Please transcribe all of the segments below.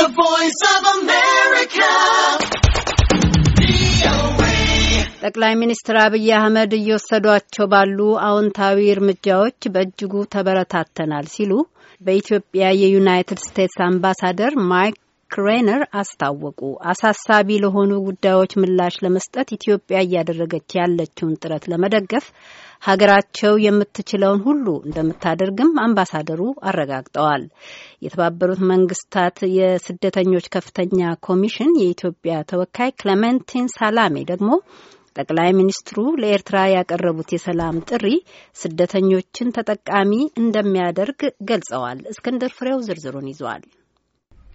The Voice of America. ጠቅላይ ሚኒስትር አብይ አህመድ እየወሰዷቸው ባሉ አዎንታዊ እርምጃዎች በእጅጉ ተበረታተናል ሲሉ በኢትዮጵያ የዩናይትድ ስቴትስ አምባሳደር ማይክ ክሬነር አስታወቁ። አሳሳቢ ለሆኑ ጉዳዮች ምላሽ ለመስጠት ኢትዮጵያ እያደረገች ያለችውን ጥረት ለመደገፍ ሀገራቸው የምትችለውን ሁሉ እንደምታደርግም አምባሳደሩ አረጋግጠዋል። የተባበሩት መንግስታት የስደተኞች ከፍተኛ ኮሚሽን የኢትዮጵያ ተወካይ ክለመንቲን ሳላሜ ደግሞ ጠቅላይ ሚኒስትሩ ለኤርትራ ያቀረቡት የሰላም ጥሪ ስደተኞችን ተጠቃሚ እንደሚያደርግ ገልጸዋል። እስክንድር ፍሬው ዝርዝሩን ይዟል።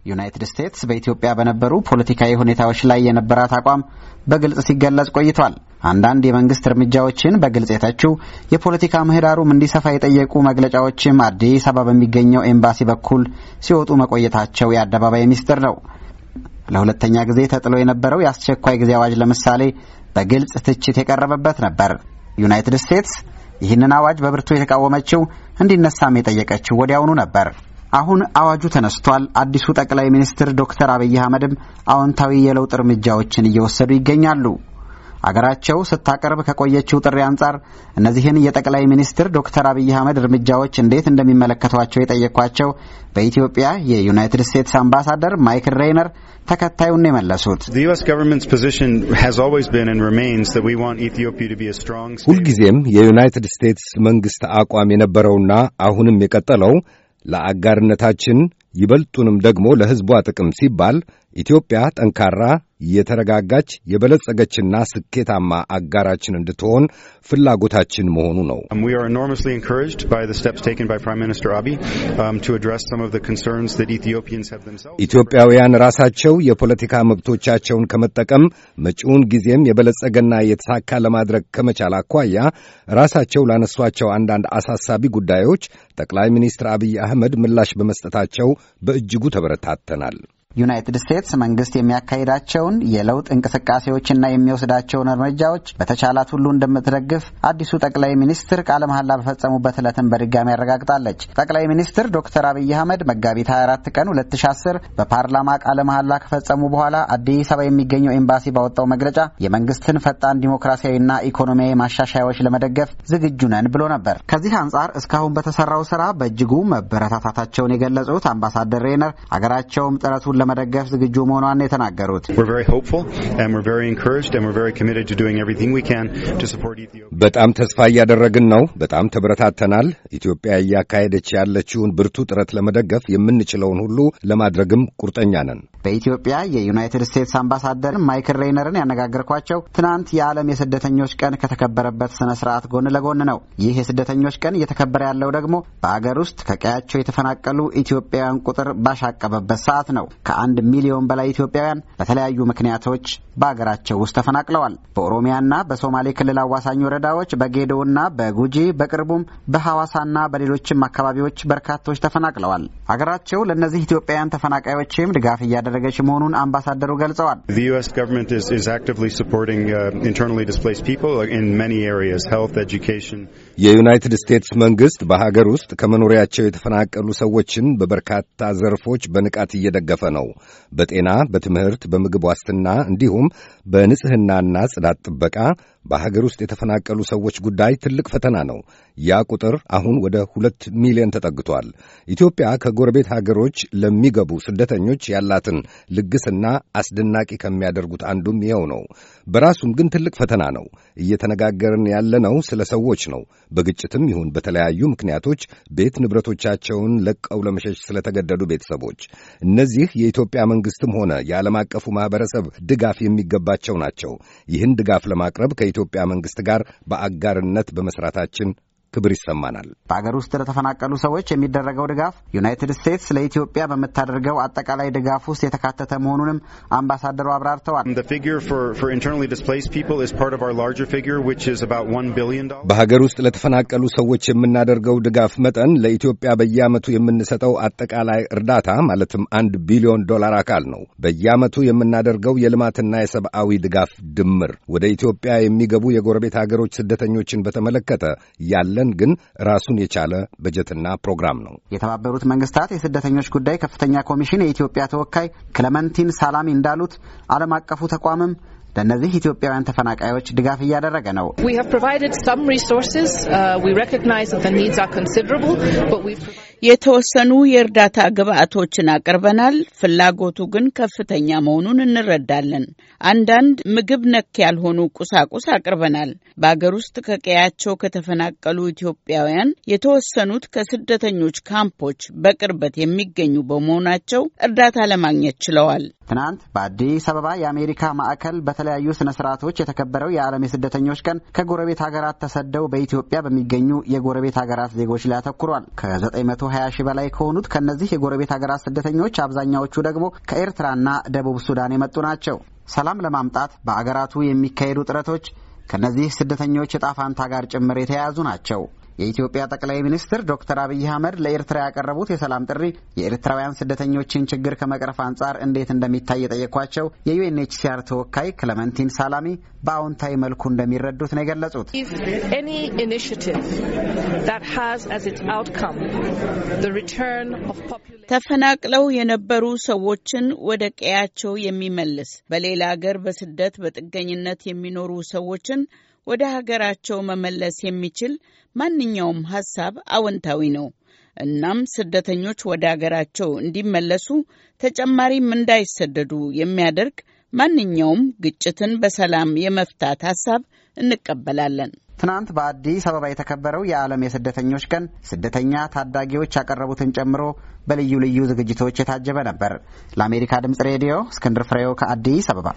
ዩናይትድ ስቴትስ በኢትዮጵያ በነበሩ ፖለቲካዊ ሁኔታዎች ላይ የነበራት አቋም በግልጽ ሲገለጽ ቆይቷል። አንዳንድ የመንግስት እርምጃዎችን በግልጽ የተችው የፖለቲካ ምህዳሩም እንዲሰፋ የጠየቁ መግለጫዎችም አዲስ አበባ በሚገኘው ኤምባሲ በኩል ሲወጡ መቆየታቸው የአደባባይ ሚስጥር ነው። ለሁለተኛ ጊዜ ተጥሎ የነበረው የአስቸኳይ ጊዜ አዋጅ ለምሳሌ በግልጽ ትችት የቀረበበት ነበር። ዩናይትድ ስቴትስ ይህንን አዋጅ በብርቱ የተቃወመችው እንዲነሳም የጠየቀችው ወዲያውኑ ነበር። አሁን አዋጁ ተነስቷል። አዲሱ ጠቅላይ ሚኒስትር ዶክተር አብይ አህመድም አዎንታዊ የለውጥ እርምጃዎችን እየወሰዱ ይገኛሉ። አገራቸው ስታቀርብ ከቆየችው ጥሪ አንጻር እነዚህን የጠቅላይ ሚኒስትር ዶክተር አብይ አህመድ እርምጃዎች እንዴት እንደሚመለከቷቸው የጠየኳቸው በኢትዮጵያ የዩናይትድ ስቴትስ አምባሳደር ማይክል ሬይነር ተከታዩን የመለሱት ሁልጊዜም የዩናይትድ ስቴትስ መንግስት አቋም የነበረውና አሁንም የቀጠለው ለአጋርነታችን ይበልጡንም ደግሞ ለሕዝቧ ጥቅም ሲባል ኢትዮጵያ ጠንካራ የተረጋጋች የበለጸገችና ስኬታማ አጋራችን እንድትሆን ፍላጎታችን መሆኑ ነው። um, um, ኢትዮጵያውያን ራሳቸው የፖለቲካ መብቶቻቸውን ከመጠቀም መጪውን ጊዜም የበለጸገና የተሳካ ለማድረግ ከመቻል አኳያ ራሳቸው ላነሷቸው አንዳንድ አሳሳቢ ጉዳዮች ጠቅላይ ሚኒስትር አብይ አህመድ ምላሽ በመስጠታቸው በእጅጉ ተበረታተናል። ዩናይትድ ስቴትስ መንግስት የሚያካሂዳቸውን የለውጥ እንቅስቃሴዎችና የሚወስዳቸውን እርምጃዎች በተቻላት ሁሉ እንደምትደግፍ አዲሱ ጠቅላይ ሚኒስትር ቃለ መሐላ በፈጸሙበት ለትን በድጋሚ አረጋግጣለች። ጠቅላይ ሚኒስትር ዶክተር አብይ አህመድ መጋቢት 24 ቀን 2010 በፓርላማ ቃለ መሐላ ከፈጸሙ በኋላ አዲስ አበባ የሚገኘው ኤምባሲ ባወጣው መግለጫ የመንግስትን ፈጣን ዲሞክራሲያዊና ኢኮኖሚያዊ ማሻሻያዎች ለመደገፍ ዝግጁ ነን ብሎ ነበር። ከዚህ አንጻር እስካሁን በተሰራው ስራ በእጅጉ መበረታታታቸውን የገለጹት አምባሳደር ሬነር አገራቸውም ጥረቱን ለመደገፍ ዝግጁ መሆኗን የተናገሩት በጣም ተስፋ እያደረግን ነው። በጣም ተበረታተናል። ኢትዮጵያ እያካሄደች ያለችውን ብርቱ ጥረት ለመደገፍ የምንችለውን ሁሉ ለማድረግም ቁርጠኛ ነን። በኢትዮጵያ የዩናይትድ ስቴትስ አምባሳደር ማይክል ሬይነርን ያነጋገርኳቸው ትናንት የዓለም የስደተኞች ቀን ከተከበረበት ስነ ስርዓት ጎን ለጎን ነው። ይህ የስደተኞች ቀን እየተከበረ ያለው ደግሞ በአገር ውስጥ ከቀያቸው የተፈናቀሉ ኢትዮጵያውያን ቁጥር ባሻቀበበት ሰዓት ነው። ከአንድ ሚሊዮን በላይ ኢትዮጵያውያን በተለያዩ ምክንያቶች በአገራቸው ውስጥ ተፈናቅለዋል። በኦሮሚያና በሶማሌ ክልል አዋሳኝ ወረዳዎች በጌዶና በጉጂ በቅርቡም በሐዋሳና በሌሎችም አካባቢዎች በርካቶች ተፈናቅለዋል። አገራቸው ለእነዚህ ኢትዮጵያውያን ተፈናቃዮችም ድጋፍ እያደረገች መሆኑን አምባሳደሩ ገልጸዋል። uh, የዩናይትድ ስቴትስ መንግስት በሀገር ውስጥ ከመኖሪያቸው የተፈናቀሉ ሰዎችን በበርካታ ዘርፎች በንቃት እየደገፈ ነው። ነው። በጤና፣ በትምህርት፣ በምግብ ዋስትና እንዲሁም በንጽህናና ጽዳት ጥበቃ በሀገር ውስጥ የተፈናቀሉ ሰዎች ጉዳይ ትልቅ ፈተና ነው። ያ ቁጥር አሁን ወደ ሁለት ሚሊዮን ተጠግቷል። ኢትዮጵያ ከጎረቤት ሀገሮች ለሚገቡ ስደተኞች ያላትን ልግስና አስደናቂ ከሚያደርጉት አንዱም ይኸው ነው። በራሱም ግን ትልቅ ፈተና ነው። እየተነጋገርን ያለነው ስለ ሰዎች ነው። በግጭትም ይሁን በተለያዩ ምክንያቶች ቤት ንብረቶቻቸውን ለቀው ለመሸሽ ስለተገደዱ ቤተሰቦች እነዚህ የኢትዮጵያ መንግስትም ሆነ የዓለም አቀፉ ማኅበረሰብ ድጋፍ የሚገባቸው ናቸው። ይህን ድጋፍ ለማቅረብ ከኢትዮጵያ መንግሥት ጋር በአጋርነት በመሥራታችን ክብር ይሰማናል። በአገር ውስጥ ለተፈናቀሉ ሰዎች የሚደረገው ድጋፍ ዩናይትድ ስቴትስ ለኢትዮጵያ በምታደርገው አጠቃላይ ድጋፍ ውስጥ የተካተተ መሆኑንም አምባሳደሩ አብራርተዋል። በሀገር ውስጥ ለተፈናቀሉ ሰዎች የምናደርገው ድጋፍ መጠን ለኢትዮጵያ በየዓመቱ የምንሰጠው አጠቃላይ እርዳታ ማለትም አንድ ቢሊዮን ዶላር አካል ነው። በየዓመቱ የምናደርገው የልማትና የሰብአዊ ድጋፍ ድምር ወደ ኢትዮጵያ የሚገቡ የጎረቤት ሀገሮች ስደተኞችን በተመለከተ ያለ ያለን ግን ራሱን የቻለ በጀትና ፕሮግራም ነው። የተባበሩት መንግስታት የስደተኞች ጉዳይ ከፍተኛ ኮሚሽን የኢትዮጵያ ተወካይ ክለመንቲን ሳላሚ እንዳሉት ዓለም አቀፉ ተቋምም ለእነዚህ ኢትዮጵያውያን ተፈናቃዮች ድጋፍ እያደረገ ነው። የተወሰኑ የእርዳታ ግብአቶችን አቅርበናል። ፍላጎቱ ግን ከፍተኛ መሆኑን እንረዳለን። አንዳንድ ምግብ ነክ ያልሆኑ ቁሳቁስ አቅርበናል። በአገር ውስጥ ከቀያቸው ከተፈናቀሉ ኢትዮጵያውያን የተወሰኑት ከስደተኞች ካምፖች በቅርበት የሚገኙ በመሆናቸው እርዳታ ለማግኘት ችለዋል። ትናንት በአዲስ አበባ የአሜሪካ ማዕከል በተለያዩ ስነ ስርዓቶች የተከበረው የዓለም የስደተኞች ቀን ከጎረቤት ሀገራት ተሰደው በኢትዮጵያ በሚገኙ የጎረቤት ሀገራት ዜጎች ላይ አተኩሯል። ከ920 በላይ ከሆኑት ከእነዚህ የጎረቤት ሀገራት ስደተኞች አብዛኛዎቹ ደግሞ ከኤርትራና ደቡብ ሱዳን የመጡ ናቸው። ሰላም ለማምጣት በአገራቱ የሚካሄዱ ጥረቶች ከእነዚህ ስደተኞች የጣፋንታ ጋር ጭምር የተያያዙ ናቸው። የኢትዮጵያ ጠቅላይ ሚኒስትር ዶክተር አብይ አህመድ ለኤርትራ ያቀረቡት የሰላም ጥሪ የኤርትራውያን ስደተኞችን ችግር ከመቅረፍ አንጻር እንዴት እንደሚታይ የጠየኳቸው የዩኤንኤችሲአር ተወካይ ክለመንቲን ሳላሚ በአዎንታዊ መልኩ እንደሚረዱት ነው የገለጹት። ተፈናቅለው የነበሩ ሰዎችን ወደ ቀያቸው የሚመልስ በሌላ አገር በስደት በጥገኝነት የሚኖሩ ሰዎችን ወደ ሀገራቸው መመለስ የሚችል ማንኛውም ሀሳብ አወንታዊ ነው። እናም ስደተኞች ወደ ሀገራቸው እንዲመለሱ ተጨማሪም እንዳይሰደዱ የሚያደርግ ማንኛውም ግጭትን በሰላም የመፍታት ሀሳብ እንቀበላለን። ትናንት በአዲስ አበባ የተከበረው የዓለም የስደተኞች ቀን ስደተኛ ታዳጊዎች ያቀረቡትን ጨምሮ በልዩ ልዩ ዝግጅቶች የታጀበ ነበር። ለአሜሪካ ድምጽ ሬዲዮ እስክንድር ፍሬው ከአዲስ አበባ